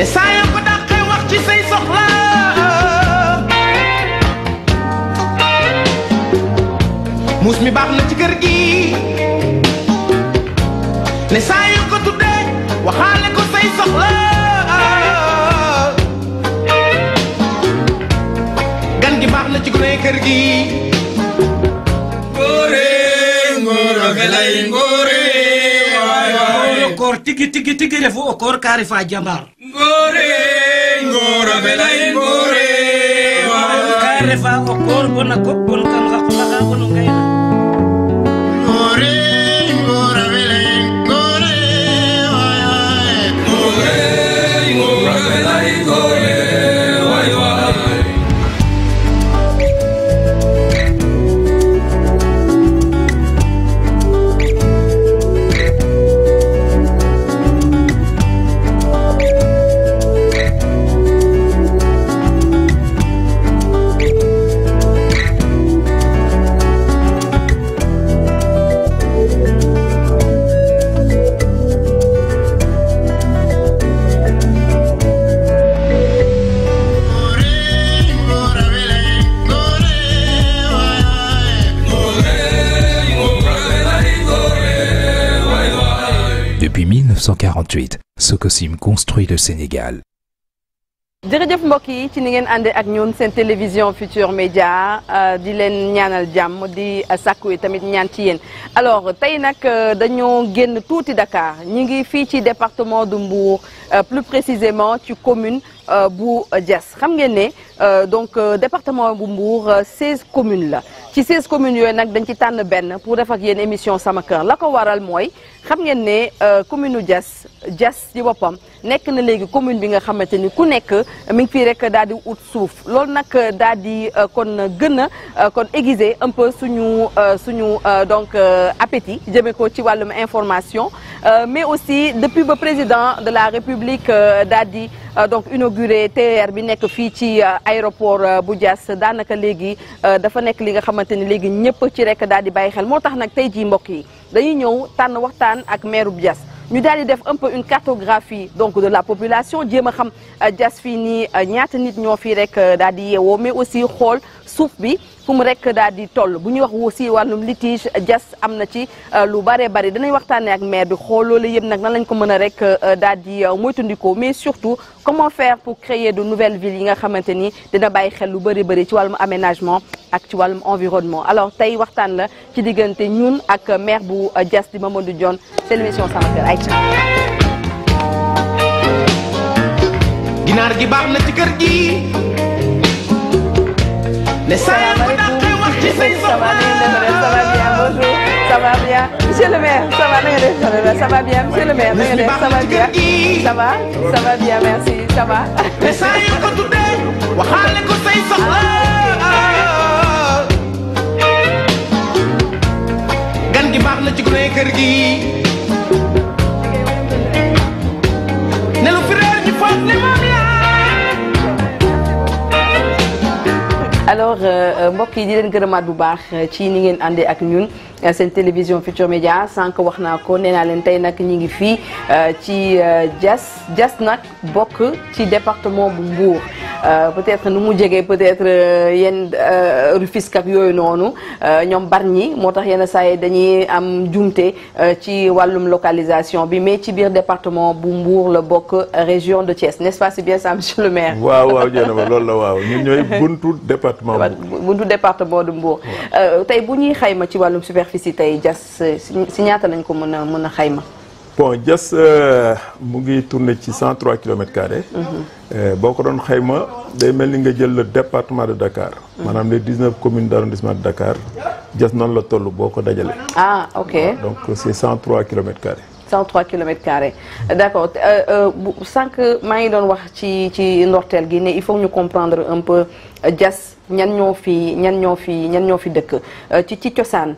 ne saa yoo wax ci say soxla muus mi na ci kër gi ne saa yoo ko tuddee waxaale ko say soxla gan gi baax na ci gone kër gi ngóore ngóoro belay ngóore waay waay koor tigi tigi tigi refu o koor kaari faa ngore ngoro belay ngore kare fa ko kor gona ko kon kan le Sénégal. mbokk yi ci ni ngeen àndee ak ñun seen télévision Futur Média euh, di leen ñaanal jàmm di euh, sàkku tamit ñaan ci yéen alors tey nag euh, dañoo génn tuuti Dakar ñi ngi fii ci département de Mbour plus précisément ci commune bu Diass xam ngeen ne donc département bu Mbour 16 commune la ci 16 commune yooyu nag dañ ci tànn benn pour def ak yéen émission sama kër la ko waral mooy xam ngeen ne euh, commune u Diass Diass boppam nekk na léegi commune bi nga xamante ni ku nekk mi ngi fii rek daal di ut suuf loolu nag daal di euh, kon gën a euh, kon aiguiser un peu suñu suñu donc appétit jëmee ko ci wàllum information mais aussi depuis ba président de la République daal di donc inauguré TER bi nekk fii ci aéroport bu Diass daanaka léegi dafa nekk li nga xamante ni léegi ñëpp ci rek daal di bàyyi xel moo tax nag tey ji mbokk yi dañuy ñëw tànn waxtaan ak maire bu Diass ñu daal di def un peu une cartographie donc de la population jéem a xam jas euh, fii nii euh, ñaata nit ñoo fii rek euh, daal di yeewoo mais aussi xool suuf bi fu mu rek daal di toll bu ñuy wax si wàllum litige jas am na ci euh, lu bare bari dinañ waxtaanee ak maire bi xooloole yëpp nag nan lañ ko mën a rek euh, daal di euh, moytandikoo mais surtout comment faire pour créer de nouvelles villes yi nga xamante ni dina bàyyi xel lu bëri bëri ci wàllum aménagement ak ci wàllum environnement alors tey waxtaan la ci diggante ñun ak maire bu jas di Mamadou Dione seen émission sama kër ay ginaar gi baax na ci kër ne salaamaaleykum ça va bien monsieur le maire ça nga def ça bien monsieur le maire na nga def ça va bien ça va ça bien merci ça va. mais saa yoo ko tuddee waxaale ko say soxla. gan gi baax na ci ma. alors euh, euh, mbokk yi di leen gërëmaat bu baax euh, ci ni ngeen àndee ak ñun seen télévision Futurs Médias sànq wax naa ko nee naa leen tey nag ñu ngi fii ci jas jas nag bokk ci département bu Mbour peut-être nu mu jege peut-être yenn Rufisque ak yooyu noonu ñoom bar ñi moo tax yenn saa dañuy am jumte ci wàllum localisation bi mais ci biir département bu Mbour la bokk région de Thiès n'est-ce pas c'est bien ça monsieur le maire. waaw waaw jërëjëf loolu la waaw ñun ñooy département buntu département du Mbour euh, tey bu ñuy xayma ci wàllum superficie tey jas si ñaata lañ ko mën a mën a xayma bon jas euh, mu ngi tourné ci 103 kilomètres carrés mhm. euh, boo ko doon xayma day mel ni nga jël le département de Dakar mhm. maanaam les 19 commune d'arrondissement de Dakar jas noonu la toll boo ko dajale ah ok donc c'est 103 kilomètres carrés 103 kilomètres carrés d' accord euh, euh, sànq maa ngi doon wax ci ci ndorteel gi ne il faut ñu comprendre un peu euh, ñan ñoo fi ñan ñoo fi ñan ñoo fi dëkk ci ci cosaan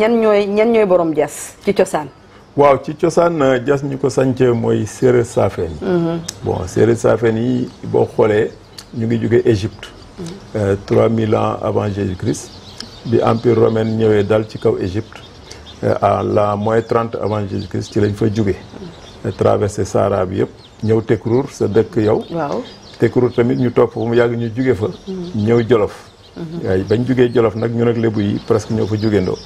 ñan ñooy ñan ñooy borom Diass ci cosaan. waaw ci cosaan Diass ñu ko sànc mooy séeréer saafeen mhm. yi. bon séeréer boo xoolee ñu ngi jóge Égypte. Mhm. mille ans avant Jésus-Christ bi empire romain ñëwee dal ci kaw Égypte. Euh, à la moins trente avant Jésus-Christ ci lañ fa jóge euh, traversé Sahara bi yëpp ñëw Tekruur sa dëkk yow. waaw Tekruur tamit ñu toog fa mu yàgg ñu jóge fa. Mm. ñëw Jolof. waaye bañ jógee Jolof nag ñu ak lébu yi presque ñoo fa jógeendoo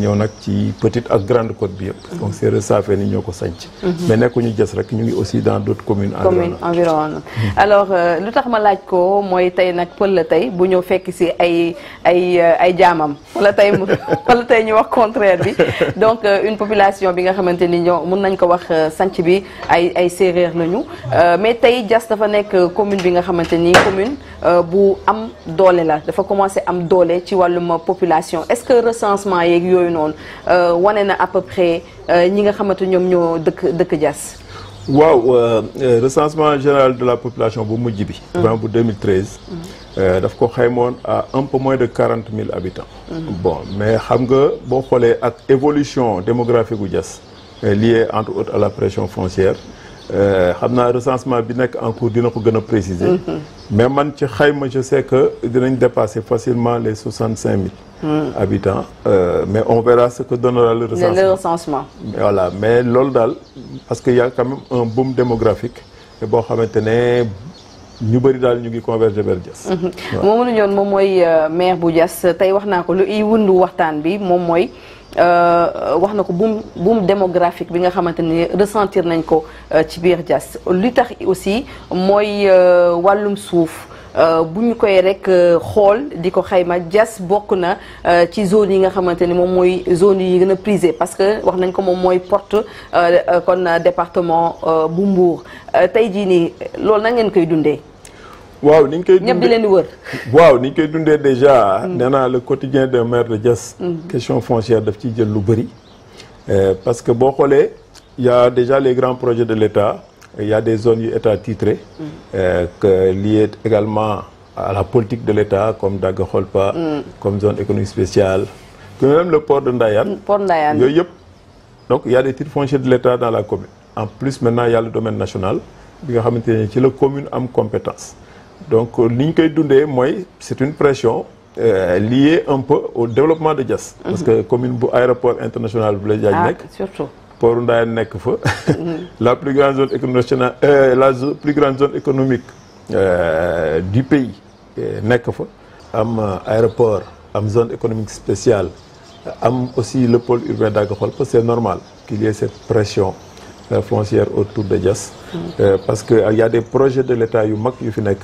ñëw nag ci petite ak grande côte bi yëpp mm-hmm. donc séeréer saafeen yi ñoo ko sanc mm-hmm. mais nekkuñu jës rek ñu ngi aussi dans d'autres communes environnantes mm-hmm. alors euh, lu tax ma laaj ko mooy tey nag pël la tey bu ñëw fekk si ay ay euh, ay jaamam wala tey wala tey ñu wax contraire bi donc euh, une population bi nga xamante ni ñoo mun nañ ko wax sanc bi ay ay séeréer lañu mais tey jas dafa nekk commune bi nga xamante ni commune bu am doole la dafa commencé am doole ci wàllum population est-ce que recensement yeeg yooyu noonu euh, wane na à peu près euh, ñi nga xamante ñoom ñoo dëkk dëkk Diass. waaw euh, recensement général de la population bu mujj bi. Mm. vraiment bu 2013. Mm. daf ko xaymoon à un peu moins de quarante mille habitants. Mm. bon mais xam nga boo xoolee ak évolution démographique gu Diass. liée entre autres à la pression foncière. Euh, xam naa recensement bi nekk en cours dina ko gën a mais man ci xayma je sais que dinañ dépasser facilement les soixante cinq mille. Hmm. habitants euh, mais on verra ce que donnera le recensement le voilà mais loolu daal parce que y a quand un boom démographique te boo xamante ne. ñu bëri daal ñu ngi converger vers Diass. moom la ñu moom mooy euh, maire bu Diass tey wax naa ko lu iy wundu waxtaan bi moom mooy. Euh, wax na ko boom boom démographique bi nga xamante ne ressentir nañ ko euh, ci biir Diass li tax aussi mooy euh, wàllum suuf bu ñu koy rek xool di ko xayma Diass bokk na ci zone yi nga xamante ni moom mooy zone yi gën a prisé parce que wax nañ ko moom mooy porte kon département bu Mbour tey jii nii loolu na ngeen koy dundee waaw ni ñu koy dundee ñëpp di leen waaw ni ñu koy dundee déjà. Mm. nee naa le quotidien de maire de Diass. Mm. question foncière daf ciy jël lu bëri. Euh, parce que boo xoolee ya a déjà les grands projets de l'État il des zones yu État titré. Mm. Euh, que liées également à la politique de l'État comme Daga-Kholpa. comme zone économique spéciale. que même le port de ndayaan port Ndayane yooyu yëpp. donc il y a des titres fonciers de l'État dans la commune en plus maintenant il y a le domaine national bi nga xamante ne ci la commune am compétence. donc euh, li ñu koy dundee mooy c'est une pression euh, liée un peu au développement de Diass mhm. parce que commune bu aéroport international Blaise Diagne ah, nekk surtout pooru Ndayane nekk fa mhm. la plus grande zone économique euh, la plus grande économique euh, du pays euh, nekk fa am aéroport am zone économique spéciale am aussi le pôle urbain d'Agafolpa c'est normal qu'il y ait cette pression foncière autour de Diass mm parce que il y a des projets de l'État yu mag yu fi nekk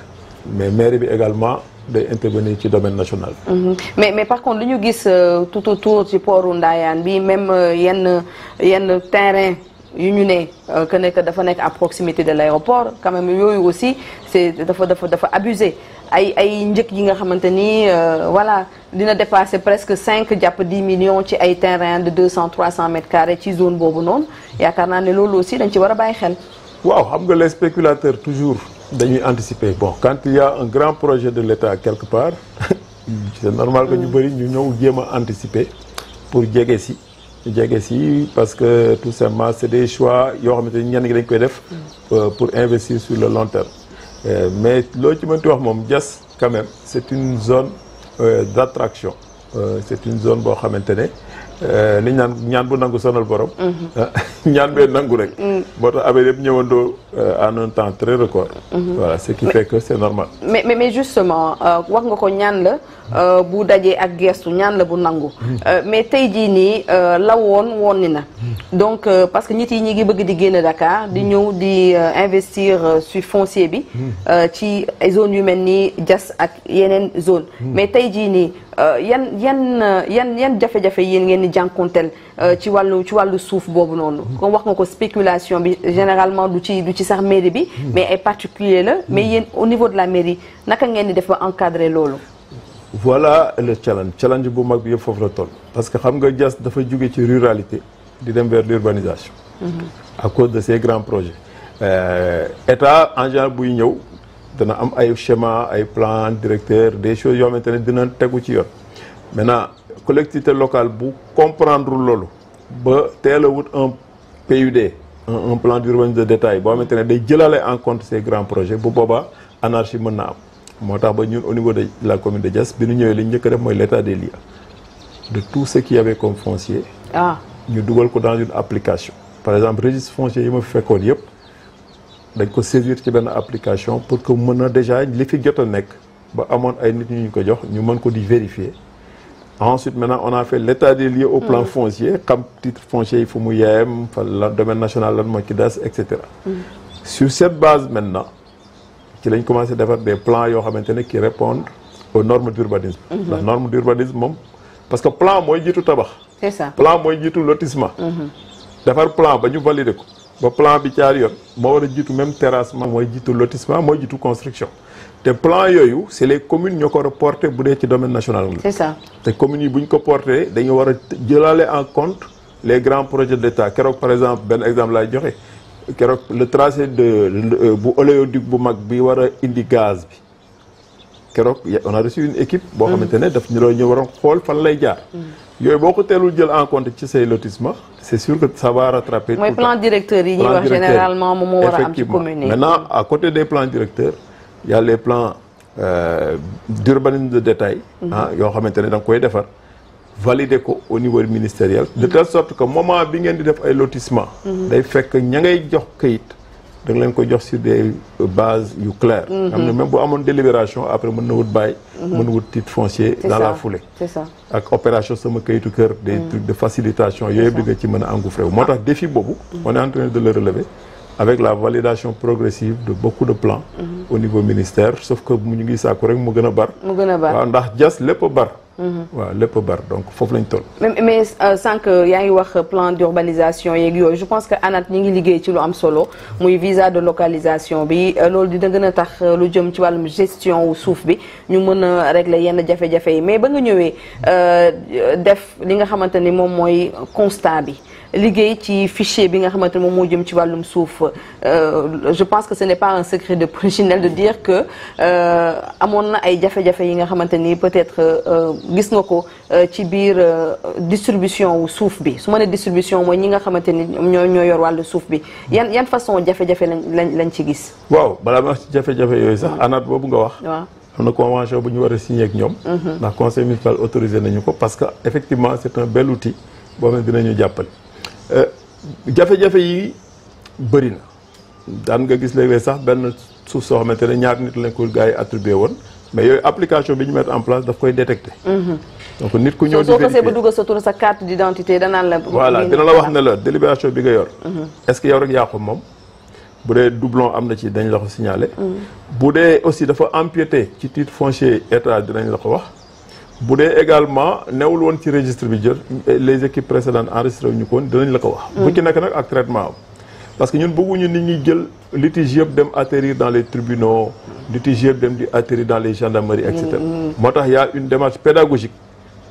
mais mairie bi également day intervenir ci domaine national. Mhm. mais mais par contre li ñu gis euh, tout autour ci pooru ndaayaan bi même euh, yenn yenn terrain yu ñu ne euh, que nekk dafa nekk à proximité de l'aéroport quand même yooyu aussi c'est dafa dafa dafa abusé ay ay njëkk yi nga xamante ni voilà dina dépasser presque cinq jàpp dix millions ci ay terrain de deux cent trois cent mètres ci zone boobu noonu yaakaar naa ne loolu aussi dañ ci war a bàyyi xel. waaw xam nga les spéculateurs toujours. dañuy anticiper bon quant il y un grand projet de l'État quelque part c'est normal que ñu mm. bëri ñu ñëw jéem a anticiper pour jege si jege si parce que tout simplement c'est des choix yoo xamante ni ñenn gi dañ koy def mm. euh, pour investir sur le long euh, mais loo ci mënti wax moom Diass quand même c'est une zone euh, d'attraction c'est une zone boo xamante ne li eh, ñaan ñaan bu nangu sonal borom. Mm-hmm. ñaan bee nangu rek. boo mm. tax affaire yëpp ñëwandoo eh, en un temps très record. Mm-hmm. voilà ce qui fait que c' est normal. mais mais mais justement euh, wax nga ko ñaan la euh, bu dajee ak gestu ñaan la bu nangu. Mm. Euh, mais tey jii nii la woon woon ni na. Mm. donc parce que nit yi ñi ngi bëgg di génn Dakar di ñëw di investir sur foncier bi. ci zone yu mel nii Diass ak yeneen zone mais tey jii nii. Euh, yan yan euh, yan yan jafe-jafe yéen ngeen di jànkuwanteel euh, ci wàllu ci wàllu suuf boobu noonu. kon mm-hmm. wax nga ko spéculation bi généralement du ci du ci sax mairie bi. Mm-hmm. mais ay particulier la. Mm-hmm. mais yéen au niveau de la mairie naka ngeen di def ba encadrer loolu. voilà le challenge challenge bu mag bi yëpp foofu la toll. parce que xam nga Diass dafa jóge ci ruralité di dem vers l'urbanisation. à cause de ces grands projets. état en général buy ñëw. dana am ay schéma ay plan directeur de choses yoo xamante ne dina tegu ci yoon mais maintenant collectivité locale bu comprendre loolu ba teel wut un PUD un plan d'urbanisme de détail boo xamante ne day jëlale en compte ces grands projets bu boobaa anarchie mën na am moo tax ba ñun au niveau de la commune de Diass bi nu ñëwee li ñu njëkk a def mooy l'état des lieux de tout ce qu'il y comme foncier ah. ñu dugal ko dans une application par exemple registre foncier yi ma fi fekkoon yëpp dañ ko saisir ci benn application pour que mën a déjà li fi jot a nekk ba amoon ay nit ñu ñu ko jox ñu mën ko di vérifier ensuite na on a fait l'état des lieux au mm. plan foncier xam titre foncier yi fu mu yaayam fa la domaine national lan moo ci des et cetera mm. sur cette base maintenant ci lañ commencé defar des plans yoo xamante ne qui répondent aux normes d'urbanisme mm-hmm. ndax norme d'urbanisme moom parce que plan mooy jiitu tabax c'est ça plan mooy jiitu lotissement mm-hmm. defar plan ba ñu valider ko ba plan bi jaar yoon moo war a jiitu même terrassement mooy jiitu lotissement mooy jiitu construction te plan yooyu c'est les communes ñoo ko war porté bu dee ci domaine national la. c'est te communes yi bu ñu ko porté dañu war a jëlaale en compte les projet projets d'état keroog par exemple benn exemple laay joxe keroog le tracé de euh, bu oléoduc bu mag bi war a indi gaz bi. keroog on a reçu une équipe boo mm-hmm. xamante ne daf ñu doon ñu waroon xool fan lay jaar. Mm-hmm. yooyu boo ko teelul jël en compte ci say lotissement c' est sûr que ça va rattraper. directeur yi ñuy wax généralement moom moo war a am ci commune maintenant à côté des plans directeurs y a les plans euh, d'urbanisme de détail. Mhm. ah yoo xamante ne da nga koy defar. valider ko au niveau ministériel. de mhm. telle sorte que moment bi ngeen di def ay lotissement mhm. day fekk ña ngay jox kayit. da nga leen koy jox sur des bases yu claires. xam ne même bu amoon délibération après mën na wut bàyyi. mën na wut titre foncier. dans la ak opération sama kayitu kër. des mm. trucs de facilitation yooyu yëpp nga ci mën a engouffré wu. moo tax défi boobu. Mm. on est de le relever. avec la validation progressive de beaucoup de plans. Mm. au niveau ministère sauf que mu ngi sàkku rek mu gën a bar. mu gën a bar waaw ndax jas lépp a bar. waaw mm-hmm. lépp bar donc foofu lañ toll. mais euh, sànq yaa ngi wax plan d'urbanisation yeeg yooyu je pense que ANAT ñi ngi liggéey ci lu am solo muy visa de localisation bi euh, loolu dina gën a tax euh, lu jëm ci wàllum gestion wu suuf bi ñu mën a régler yenn jafe-jafe yi mais ba nga ñëwee def li nga xamante ni moom mooy constat bi. liggéey ci fichier bi nga xamante ne moom moo jëm ci wàllum suuf euh, je pense que ce n'est pas un secret de polichinelle de dire que euh, amoon na ay jafe-jafe yi nga xamante ni peut-être euh, gis nga ko ci biir distribution wu suuf bi su ma ne distribution mooy ñi nga xamante ni ñoo ñoo yor wàllu suuf bi yan yan façon jafe-jafe lañ lañ ci gis. waaw balaa ma jafe-jafe yooyu sax mm-hmm. anaat boobu nga wax. waaw am na convention bu ñu war a signé ak ñoom. Mm-hmm. ndax conseil municipal autorisé nañu ko parce que effectivement c'est un bel outil boo xam ne dinañu Euh, jafe-jafe yi bëri na daan nga gis léeg sax benn suuf soo xamante ne ñaar nit lañ ko gars yi attribué woon mais yooyu application bi ñu mettre en place daf koy détecté. Mhm. donc nit ku ñëw di. vérifié soo xasee ba dugal sa tur sa carte d' identité danaan la. voilà dina la wax ne la délibération bi nga yor. Mhm. est ce que yow rek yaa ko moom. bu dee doublon am na ci dañ la ko signalé. Mhm. bu dee aussi dafa empiété ci titre foncier état dinañ la ko wax. bu dee également newul woon ci registre bi jër les équipes précédentes enregistré wu ñu koon dinañ la ko wax. Mm. bu ci nekk nag ak traitement parce que ñun bëgguñu nit ñi jël litige yëpp dem atterrir dans les tribunaux litige yëpp dem di atterrir dans les gendarmeries et cetera. Mm, mm. moo tax y a une démarche pédagogique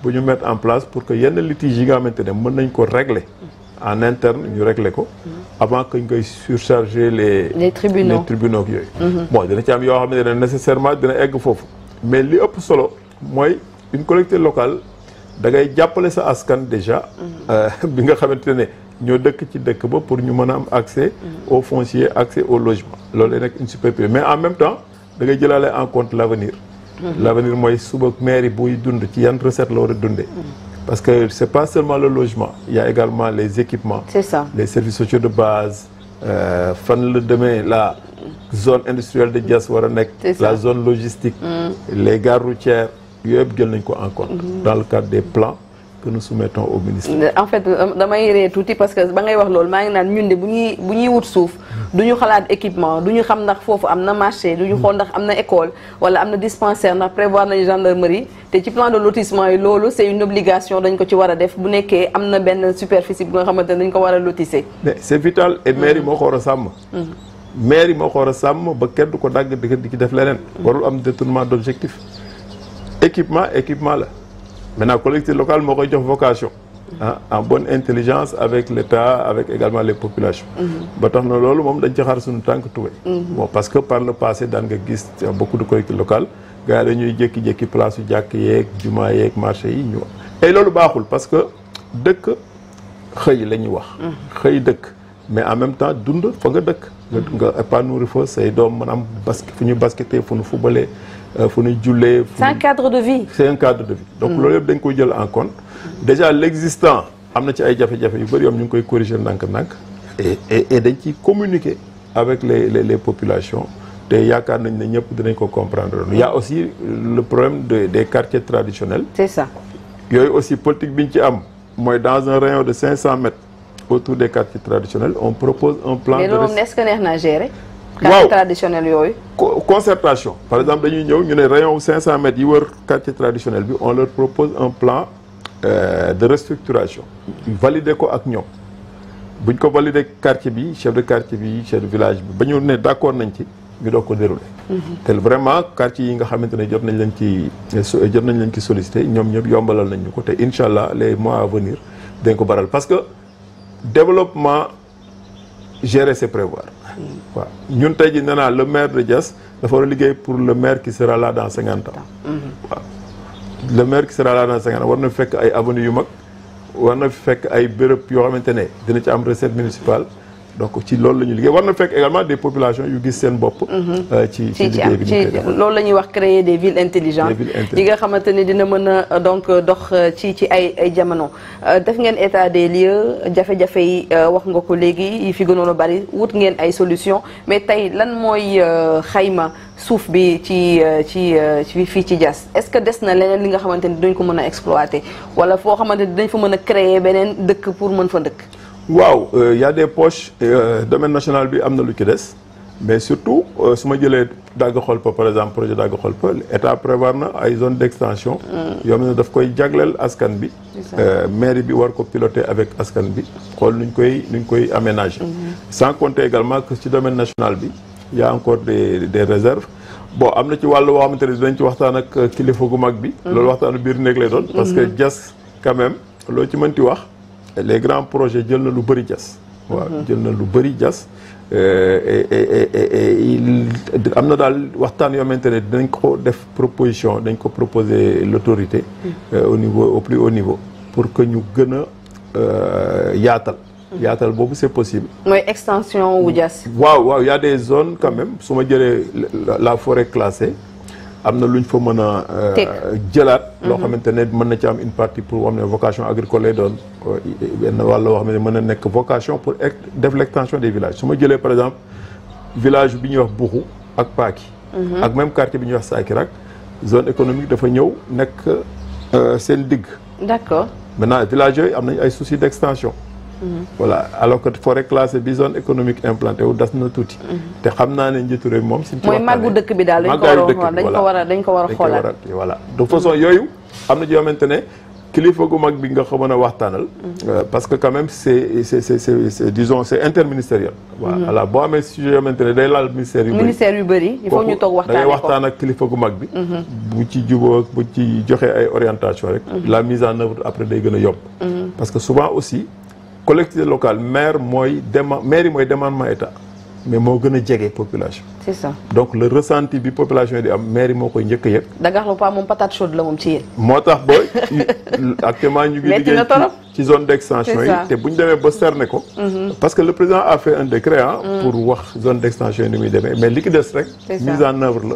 bu ñu mettre en place pour que yenn litige yi nga xamante ne mën nañ ko régler. en interne ñu régler ko. avant que ñu koy surcharger les. les tribunaux les yooyu. Mm-hmm. bon yoo xam ne nécessairement dina egg foofu mais li solo mooy. une collectivité locale da ngay jàppale sa askan déjà. Euh, bi nga xamante ne ñoo dëkk ci dëkk ba pour ñu mën a am accès. au foncier accès au logement. loolu nekk une super mais en même temps dangay ngay jëlaale en compte l' avenir. Mhm. mooy suba mairie buy dund ci yan recette la war a dundee. Mhm. parce que c' est pas seulement le logement il a également les équipements. c' est ça les services sociaux de base. Euh, fan la demee la mhm. zone industrielle de Diass war a nekk. la zone logistique. les gares routières. yëpp jël nañ ko en compte mhm. dans le cadre des plans que nous soumettons au ministre. Euh, en fait euh, damay ree tuuti parce que ba ngay wax loolu maa ngi naan ñun de bu ñuy bu ñuy wut suuf. Mhm. du ñu xalaat équipement du ñu xam ndax foofu am na marché. du ñu mhm. xool ndax am na école wala am na dispensaire ndax prévoir nañu gendarmerie. te ci plan de lotissement yi loolu c'est une obligation dañ ko ci war a def bu nekkee am na benn superficie bu nga xamante ne dañ ko war a lotisser. mais maire yi moo ko war a sàmm. maire yi ko war a sàmm ba kenn du ko dagg di ci def leneen. warul am détournement d'objectif. équipement équipement la maintenant collectivité locale moo koy jox vocation en bonne intelligence avec l'État avec également les populations mm-hmm. ba tax na loolu moom dañ ci xaar suñu tànk tuwe mm-hmm. bon parce que par le passé daan nga gis beaucoup de collectivités locales gars yi dañuy jékki-jékki place u jàkk yeeg jumaa yeeg marché yi ñu et loolu baaxul parce que dëkk xëy la ñuy wax mm-hmm. xëy dëkk mais en même temps dund fa nga dëkk nga épanouir fa say doom mën am basket fu ñu basketee fu Euh, fu ñuy jullee. c'est un cadre de vie. c'est un cadre de vie donc mm. loolu yëpp dañ koy jël en compte déjà l'existant am na ci ay jafe yu bëri yoom ñu ngi koy corriger ndànk-ndànk. et et dañ ciy communiquer avec les les les populations te yaakaar nañ ne ñëpp dinañ ko comprendre il y a aussi le problème de des quartiers traditionnels. c'est ça. yooyu aussi politique bi ñu ci am mooy dans un rayon de 500 mètres autour des quartiers traditionnels on propose un plan. de mais loolu est que neex naa quartier traditionnel yooyu concertation par exemple dañuy ñëw ñu ne rayon 500 mètres yi wër quartier traditionnel bi on leur propose un plan euh, de restructuration valider ko ak ñoom buñ ko valide quartier bi chef de quartier bi chef de village bi ba ñu ne d'accord nañ ci ñu doog ko déroulé mhm. te vraiment quartier yi nga xamante ne jot nañ leen ci jot nañ leen ci sollicité ñoom ñëpp yombalal nañ ñu ko te incha allah les mois à venir dañ ko baral parce que développement gérer c'est prévoir waaw ñun tey ji nee naa le maire de Diass dafa war a liggéey pour le maire qui sera là dans cinquante ans waaw le maire qui sera là dans cinquante war na fekk ay avenue yu mag war na fekk ay béréb yoo xamante ne dina ci am recette municipale donc ci loolu la ñuy liggéey war na fekk également des populations yu gis seen bopp. Mhm. Euh, ci ci liggéey ci loolu la ñuy wax créer des villes intelligentes. yi nga xamante ni dina mën a euh, donc euh, dox ci ci ay ay jamono. def ngeen état des lieux jafe-jafe yi wax nga ko léegi yi fi gënoon a bari wut ngeen ay solutions mais tey lan mooy xayma suuf bi ci ci ci fii ci Diass est-ce que des na leneen li nga xamante ni dañ ko mën a exploiter wala foo xamante ni dañ fa mën a créer beneen dëkk pour mën fa dëkk. waaw euh, y a des poches euh, domaine national bi am na lu ci des mais surtout euh, su ma jëlee dagg xolpa par exemple projet dagg xolpa état prévoir na ay zone d' extension mm. yoo xam ne daf koy jagleel askan bi mairie bi war ko piloter avec askan bi xool nuñ koy nuñ koy aménager mm-hmm. sans compter également que ci domaine national bi y encore de des réserves bon am na ci wàllu woo xamante ne dinañ ci waxtaan ak kilifa gu mag bi mm-hmm. loolu waxtaanu biir néeg lay doon parce que jas mm-hmm. quand loo ci mënti wax les grands projets jël na lu bëri jas waaw mhm. jël na lu bëri jas euh, am na daal waxtaan yoo xamante ne dinañ ko def proposition dañ ko proposer l'autorité mhm. euh, au niveau au plus haut niveau pour que ñu gën a euh, yaatal mhm. yaatal boobu c'est possible mooy extension wu mm. jas waaw waaw y a des zones quand même su ma jëlee la forêt classée am na lu ñu fa mën a euh, jëlaat mhm. loo xamante ne mën na ci am une partie pour am ne vocation agricole lay doon euh, benn wàll loo xam ne mën a nekk vocation pour def l'extension des villages su ma jëlee par exemple village bi ñuy wax Buxu ak Paaki mhm. ak même quartier bi ñuy wax Saakirak zone économique dafa ñëw nekk euh, seen digg d'accord naa village yooyu am nañ ay souci d'extension Mm-hmm. voilà alors que forêt classée bi zone économique implantée wu das na tuuti. Mm-hmm. te xam naa ne njiitu réew moom. si ci waxtaanee mooy dëkk bi daal dañ a dañ ko war a xoolaat voilà de façon mm-hmm. yooyu am na ci xamante ne kilifa gu mag bi nga ko mën a waxtaanal. Euh, parce que quand même c'est c'est c'est c'est disons c'est interministériel. voilà boo amee sujet yoo xamante ne day laal ministère yu bëri. ministère yu bëri il faut ñu toog waxtaanee ko da waxtaan ak kilifa gu mag bi. bu ci jubóo bu ci joxe ay orientation rek. la mise en œuvre après day gën a yomb. parce collectivité locale maire mooy demande maire yi mooy demandement état mais moo gën a jege population. c'est donc le ressenti bi population yi di am maire moo koy njëkk a yëg. Dakarlo pas moom patate chaude la moom ci yéen. moo tax ba actuellement ñu ngi liggéey ci zone d'extension yi te bu ñu demee ba cerner ko. Mhm. parce que le président a fait un décret ah. pour wax zone d'extension yi ni muy demee mais li ki des rek. mise en œuvre la.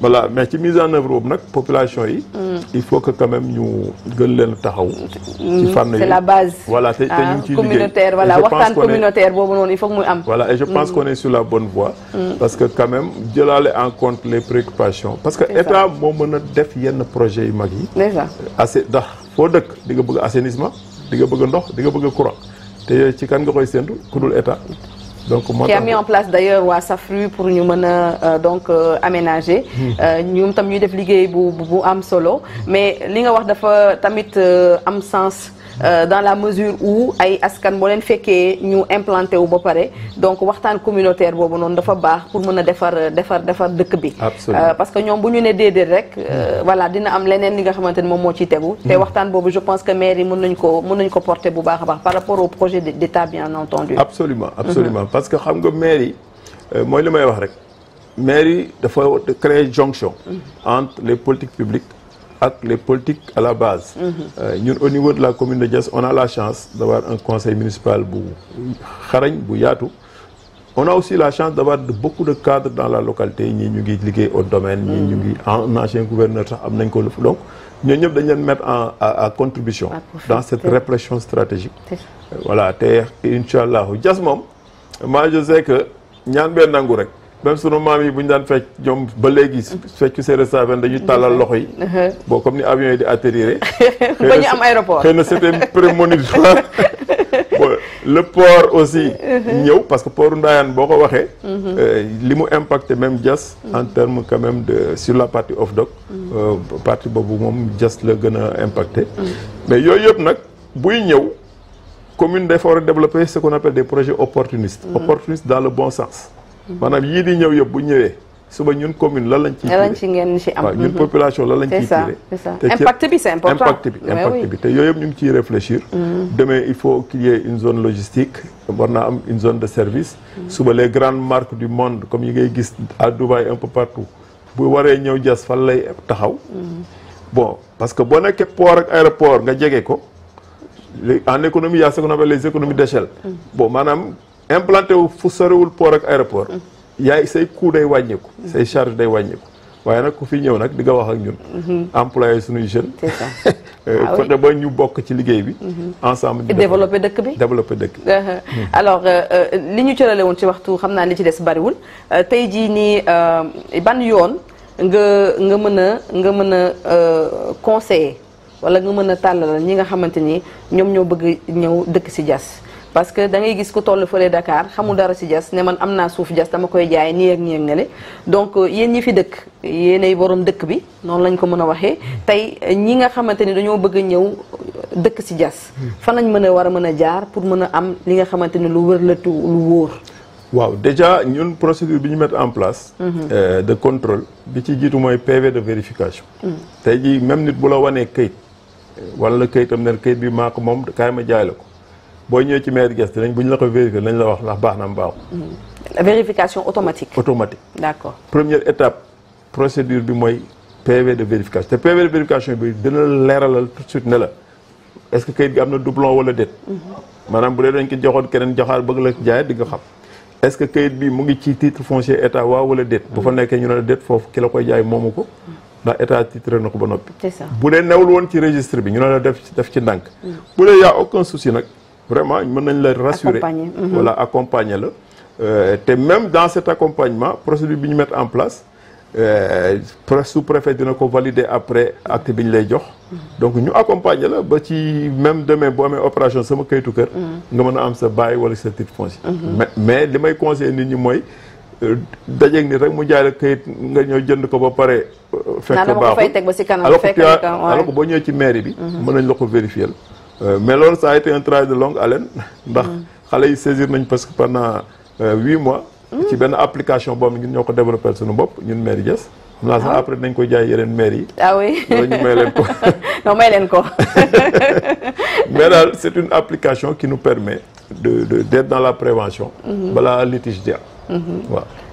voilà mais ci mise en œuvre boobu nag population yi. Mm. il faut que quand même ñu gën leen taxaw. ci mm. fànn yi c'est la base. voilà te te ñu ah, ngi ciy liggéey communautaire voilà waxtaan communautaire boobu noonu il faut que muy am. voilà et je mm. pense qu'on est sur la bonne voie. parce que quand jëlaale en compte les préoccupations. parce que état moo mën a def yenn projet yu mag yi. déjà assez ndax foo dëkk di nga bëgg assainissement di nga bëgg ndox di nga bëgg courant te ci kan nga koy séntu ku dul donc moo tax qui a mis en place d' ailleurs waa Safru pour ñu mën a euh, donc euh, aménager. Hmm. Euh, ñoom tam ñuy def liggéey bu bu am solo mais li nga wax dafa tamit am sens. Euh, dans la mesure où ay askan moo leen fekkee ñu implanté wu ba pare donc waxtaan communautaire boobu noonu dafa baax pour mën a defar defar defar dëkk bi. Euh, parce que ñoom bu ñu ne déedéet rek. Euh, voilà dina am leneen li nga xamante ne moom moo ci tegu. Mm. te waxtaan boobu je pense que maire yi mën nañu ko mën nañu ko porter bu baax a baax par rapport au projet d'état bien entendu. absolument absolument mm-hmm. parce que xam nga maire mooy li may wax rek maire yi dafa créer jonction mm. entre les politiques publiques. ak les politiques à la base. Mhm. Euh, ñun au niveau de la commune de Diass on a la chance d'avoir un conseil municipal bu xarañ bu yaatu. on a aussi la chance d'avoir de beaucoup de cadres dans la localité ñii ñu ngi liggéey au domaine. ñii ñu ngi mhm. en ancien gouverneur sax am nañ ko donc ñoo ñëpp dañ leen mettre en à contribution. dans cette réflexion stratégique. Euh, voilà te incha allahu Diass moom maa je sais que ñaan bee nangu rek. même sunu maam yi bu ñu daan fecc ñoom ba léegi feccu séeréer saafen dañuy tàllal loxo yi uh-huh. boo comme ni avion yi di atterrir ba ñu am aéroport xëy na c'était prémonitoire le port aussi uh-huh. ñëw parce que port Ndayane boo ko waxee uh-huh. euh, li mu impacte même Diass en terme quand même de sur la partie off dock euh, partie boobu moom Diass la gën a impacté mais yooyu yëpp nag buy ñëw commune dafa war a développer ce qu'on appelle des projets opportunistes dans le bon sens maanaam yii di ñëw yëpp bu ñëwee suba ñun commune lan lañ. ci lan ci ngeen ci am waaw ñun mhm. population lan lañ. ciy tiré c'est impact bi impact bi te yooyu yëpp ñu ngi ciy réfléchir. Mhm. demain il faut qu'il y ait une zone logistique. war naa am une zone de service. Mhm. suba les grandes marques du monde comme yi ngay gis à Dubaï un peu partout bu waree ñëw jas fa lay taxaw. bon parce que boo nekkee port ak aéroport nga jege ko en économie y a les économies d'échelle. bon maanaam. implanté wu fu sorewul port ak aéroport. Mm. yaay say coût day wàññeeku. Mm. say charge day wàññeeku. waaye nag ku fi ñëw nag di nga wax ak ñun. Mm-hmm. employé suñuy jeunes. c'est ça côté euh, ah ba ñu bokk ci liggéey bi. Mm-hmm. ensemble di développé dëkk bi développé dëkk bi. Uh-huh. Mm. alors euh, euh, li ñu cërale woon ci waxtu xam naa ni ci des bariwul tey jii nii ban yoon nga nga mën a nga mën a conseiller wala nga mën a tàllal ñi nga xamante ni ñoom ñoo bëgg ñëw dëkk si Diass. parce que da ngay gis ku toll fële Dakar xamul dara ci jas ne man am naa suuf jas dama koy jaay nii ak nii ak nele donc euh, yéen ñi fi dëkk yéenay borom dëkk bi noonu lañ ko mën a waxee tey euh, ñi nga xamante ni dañoo bëgg a ñëw euh, dëkk ci jas fan lañ mën a war a mën a jaar pour mën a am li nga xamante ni lu wër la tu lu wóor waaw déjà ñun procédure bi ñu mettre en place mhm. de contrôle bi ci jiitu mooy PV de vérification mhm. tey ji même nit bu la wanee këyit wala këyitam ne këyit bi maa ko moom kaay ma ko boo ñëwee ci mairie Guest dinañ bu ñu la ko vérifier nañ la wax ndax baax na mu mm-hmm. vérification automatique. automatique d' accord. première étape procédure bi mooy PV de vérification te PV de vérification bi dina la leeralal tout de suite ne la est ce que kayit bi am na du doublon wala déet. Mm-hmm. maanaam bu dee dañ ko joxoon keneen joxaar bëgg la jaay di nga xam. est ce que kayit bi mu ngi ci titre foncier état waaw wala déet. bu fa mm-hmm. nekkee ñu ne la déet foofu ki koy jaay moomu ko. ndax état titré na ko ba noppi. c'est ça bu dee newul woon ci registre bi ñu ne la def def ci ndànk. bu vraiment mën nañ la rassurer mhm. voilà accompagner la euh, te même dans cet accompagnement procédure bi ñu mettre en place euh, sous préfet dina ko valider après acte bi ñu lay jox donc ñu accompagner la ba ci même demain boo amee opération sama kayitu kër mhm. nga mën a am sa bail wala sa titre foncier mhm. mais li may conseiller nit ñi mooy euh, dajeeg ni rek mu jaay la kayit nga ñëw jënd ko ba pare fekk baaxul alors que boo ñëwee ci mairie bi mën nañ la ko vérifier la Euh, mais loolu ça a été un travail de longue haleine ndax mm. xale yi saisir nañ parce que pendant euh, huit mois. Mm. ci benn application boobu ñun ñoo ko développé suñu bopp ñun mairie Diass. xam naa sax ah. après nañ ko jaay yeneen maire yi. ah oui loolu ñu may leen ko. non may leen ko. mais daal est une application qui nous permet de d' être la prévention. Mm-hmm. balaa litige di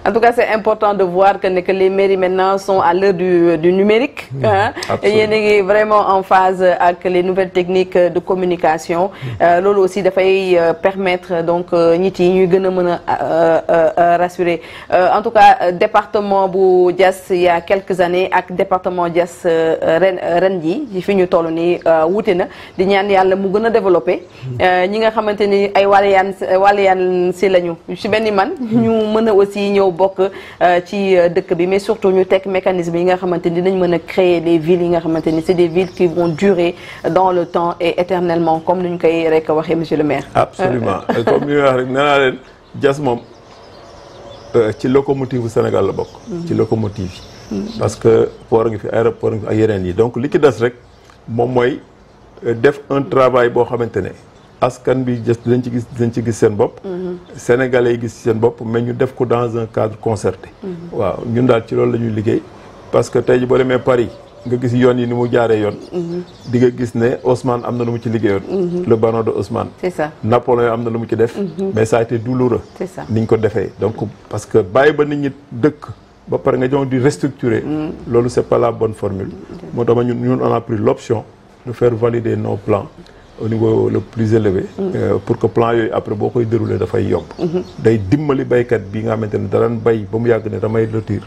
En tout cas, c'est important de voir que, que, les mairies maintenant sont à l'heure du, du, numérique. Mmh, hein? Et il est vraiment en phase avec les nouvelles techniques de communication. Mmh. Euh, Lolo aussi, il failli euh, permettre donc euh, Niti, euh, rassurer. En tout cas, département bu il y a quelques années, ak département ren Rendi, fi ñu de nii wute na di ñaan yàlla mu gën a développé mmh. ñi nga xamante ni ay waliyaan waliyaan si lañu si benn man mmh. ñu mën aussi ñëw bokk euh, ci euh, dëkk bi mais surtout ñu teg mécanisme yi nga xamante ni dinañ mën a créer des villes yi nga xamante ni c'est des villes qui vont durer dans le temps et comme ni ñu koy rek waxee monsieur le maire. absolument euh, comme ni wax rek nee naa leen jas moom ci locomotive bu Sénégal la bokk. Mm. ci locomotive yi. Mm. parce que port ngi fi aéroport ngi fi ak yeneen yi donc li ci des rek moom mooy def un travail boo xamante ne. askan bi gis dinañ ci gis dinañ ci gis seen bopp. Mhm. sénégalais yi gis ci seen bopp mais ñu def ko dans un cadre concerté. Mhm. waaw ñun daal ci loolu la ñuy liggéey parce que tey boo demee Paris nga gis yoon yi ni mu jaaree yoon. Mhm. di nga gis ne Haussmann am na lu mu ci liggéeyoon. le baron de Haussmann. c'est ça Napoléon am na lu mu ci def. mais ça a été douloureux. c'est ça ni ñu ko defee donc parce que bàyyi ba nit ñi dëkk. ba pare nga jox di restructurer. loolu c'est pas la bonne formule. moo tax ñun ñun on a pris l'option de faire valider nos plans. au niveau le plus élevé. Mm. Euh, pour que plan yooyu après boo koy déroulé dafay yomb. Mm-hmm. day dimbali baykat bi nga xamante ne daan bay ba mu yàgg ne damay lotir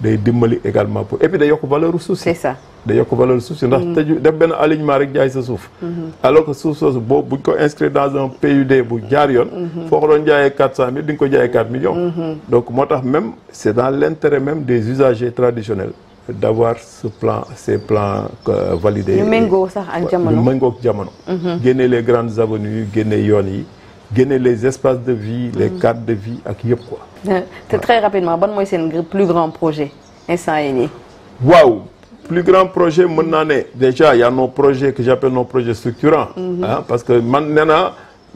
day dimbali également pour et puis day yokk valeur suuf si. c'est ça day yokk valeur suuf si ndax. Mm. tëju def benn alignement rek jaay sa suuf. Mm-hmm. alors que suuf soosu boobu buñ ko inscrit dans un PUD bu jaar yoon. Mm-hmm. foo ko doon jaayee quatre cent mille di nga ko jaayee quatre millions. donc moo tax même c'est dans l'intérêt me des usagers traditionnels. d'avoir ce plan ces plans euh, validés. ñu méngoo sax ak jamono ñu méngoo ak jamono. Mhm. génne les grandes avenues génne yoon yi les espaces de vie. Mhm. les cadres de vie ak yëpp quoi. a très rapidement ban mooy seen plus grand projet instant yi nii. waaw plus grand projet mën naa ne déjà y a nos projets que j'appelle nos projets structurants. Mhm. parce que man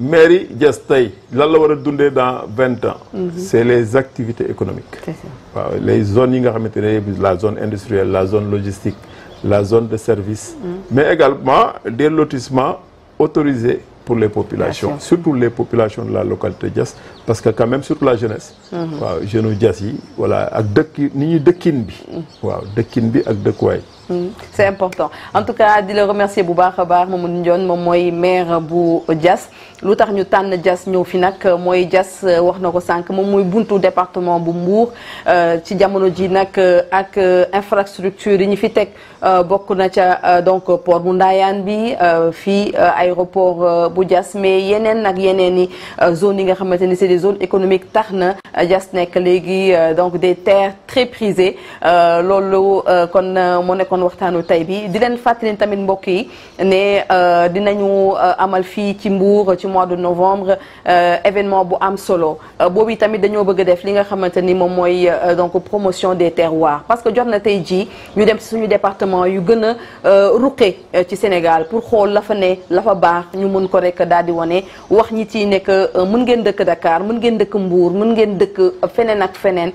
mairie Diass tey lan la war a dundee dans vingt ans. Mhm. c' les activités économiques. waaw les zones yi nga xamante ne la zone industrielle la zone logistique la zone de service. Mhm. mais également des lotissements autorisés pour les populations. surtout les populations de la localité Diass parce que quand même surtout la jeunesse. Mhm. waaw jeunes Diass yi voilà ak dëkk ni ñuy dëkkin bi. waaw dëkkin bi ak dëkkuwaay. c' est important en tout cas di la remercier bu a baax lu tax ñu tànn jas ñëw fi nag euh, mooy jas euh, wax na ko sànq moom mooy buntu département bu Mbour euh, ci jamono ji nag ak infrastructure yi ñu fi teg bokk na ca donc port bu ndaayaan bi fii aéroport bu jas mais yeneen nag yeneen i zone yi nga xamante ni c'est des zones économiques tax na jas nekk léegi donc des terres très prisées loolu kon moo nekkoon waxtaanu tey bi di leen fàttali tamit mbokk yi ne dinañu amal fii ci Mbour ci mois de novembre euh, événement bu am solo euh, boobu tamit dañoo bëgg a def li nga xamante ni moom mooy euh, donc promotion des terroirs parce que jot na tey jii ñu dem ci suñu département yu gën a ruqe ci Sénégal pour xool la fa ne la fa baax ñu mën ko rek daal di wane wax ñi ci nekk mën ngeen dëkk Dakar mën ngeen dëkk Mbour mun ngeen dëkk feneen ak feneen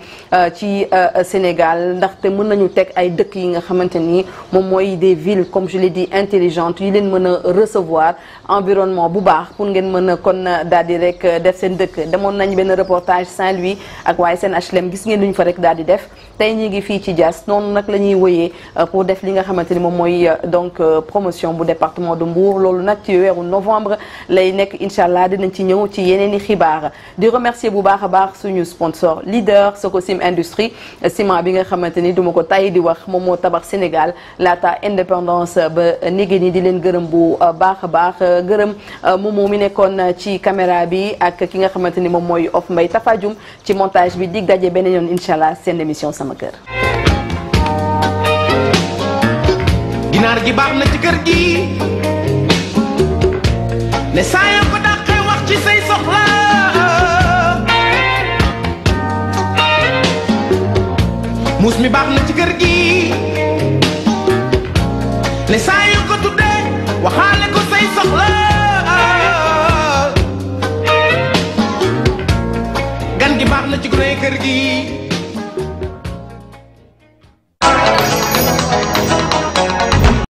ci Sénégal ndaxte mën nañu teg ay dëkk yi nga xamante ni moom mooy des villes comme je l'ai dit intelligentes yi leen mën a recevoir mën a kon na euh, di rek euh, def seen dëkk demoon nañu benn reportage Saint-Louis ak waaye seen HLM gis ngeen lu ñu fa rek daal di def tey ñi ngi fii ci jaas noonu nag la ñuy wëyee euh, pour def li nga xamante ni moom mooy euh, donc euh, promotion bu département de Mbour loolu nag ci weeru novembre lay nekk incha allah dinañ ci ñëw ci yeneen i xibaar di remercier bu baax a baax suñu sponsor leader Sococim Industrie ciment bi nga xamante ni duma ko tay di wax moom moo tabax Sénégal laata indépendance ba négé ni di leen gërëm bu baax a baax gërëm moomoo mi nekkoon ci caméra bi ak ki nga xamante ni moom mooy of mbay tafajum ci montage bi dig daje yoon incha allah seen émission sama kër. ginaar gi baax na ci kër gi ne saa yoo ko dàqee wax ci say soxla muus mi baax na ci kër gi ne saa yoo ko tuddee waxaale ko say soxla gan gi baax na ci gune kër gi.